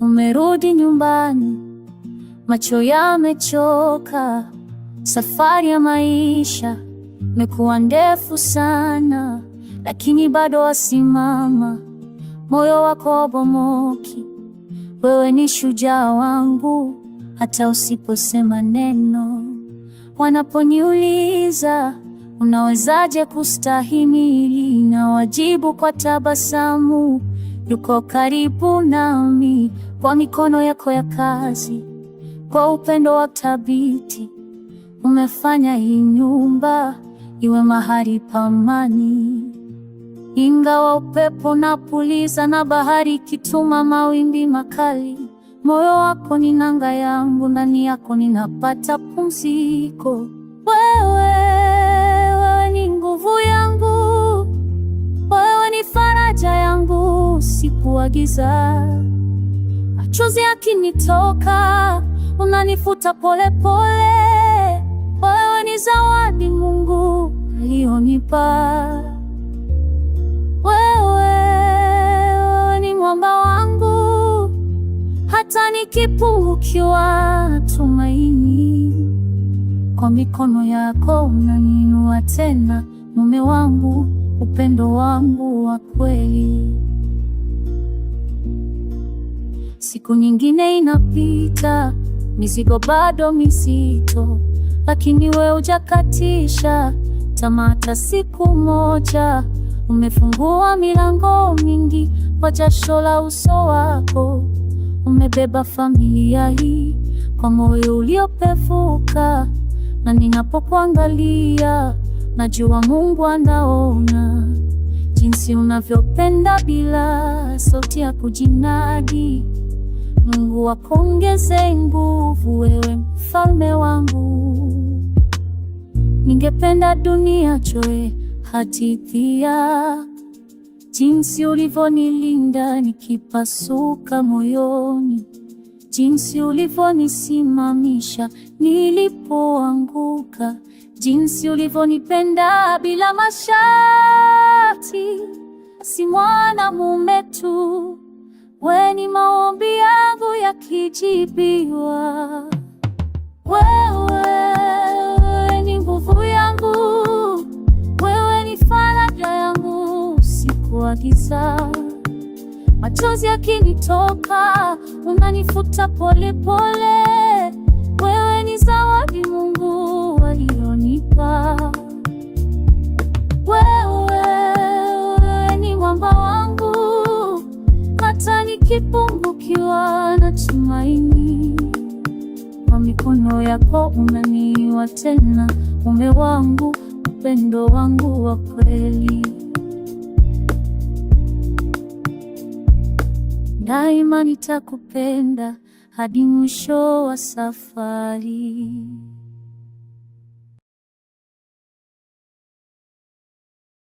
umerudi nyumbani, macho yamechoka. Safari ya maisha imekuwa ndefu sana, lakini bado wasimama, moyo wako haubomoki. Wewe ni shujaa wangu, hata usiposema neno. Wanaponiuliza unawezaje kustahimili, na wajibu kwa tabasamu, yuko karibu nami kwa mikono yako ya kazi, kwa upendo wa thabiti umefanya hii nyumba iwe mahali pa amani. Ingawa upepo napuliza na bahari ikituma mawimbi makali, moyo wako ni nanga yangu, ndani yako ninapata pumziko. Wewe, wewe ni nguvu yangu, wewe ni faraja yangu, usiku wa giza machozi yakinitoka, unanifuta polepole. Wewe ni zawadi Mungu aliyonipa. Wewe, wewe ni mwamba wangu, hata nikipungukiwa tumaini. Kwa mikono yako unaniinua tena, mume wangu, upendo wangu wa kweli. Siku nyingine inapita, mizigo bado mizito, lakini we hujakatisha tamaa hata siku moja. Umefungua milango mingi kwa jasho la uso wako, umebeba familia hii kwa moyo uliopevuka, na ninapokuangalia najua Mungu anaona jinsi unavyopenda bila sauti ya kujinadi. Mungu akuongeze nguvu, wewe mfalme wangu. Ningependa dunia choe hadithi ya jinsi ulivyonilinda nikipasuka moyoni, jinsi ulivyonisimamisha nilipoanguka, jinsi ulivyonipenda bila masharti, si mwana mume tu weni ni maombi yangu yakijibiwa, wewe ni nguvu yangu, wewe ni faraja yangu usiku wa giza. Machozi yakinitoka, unanifuta polepole, wewe ni zawadi Mungu nikipungukiwa na tumaini, kwa mikono yako unaniwa tena, mume wangu, upendo wangu wa kweli. Daima nitakupenda hadi mwisho wa safari.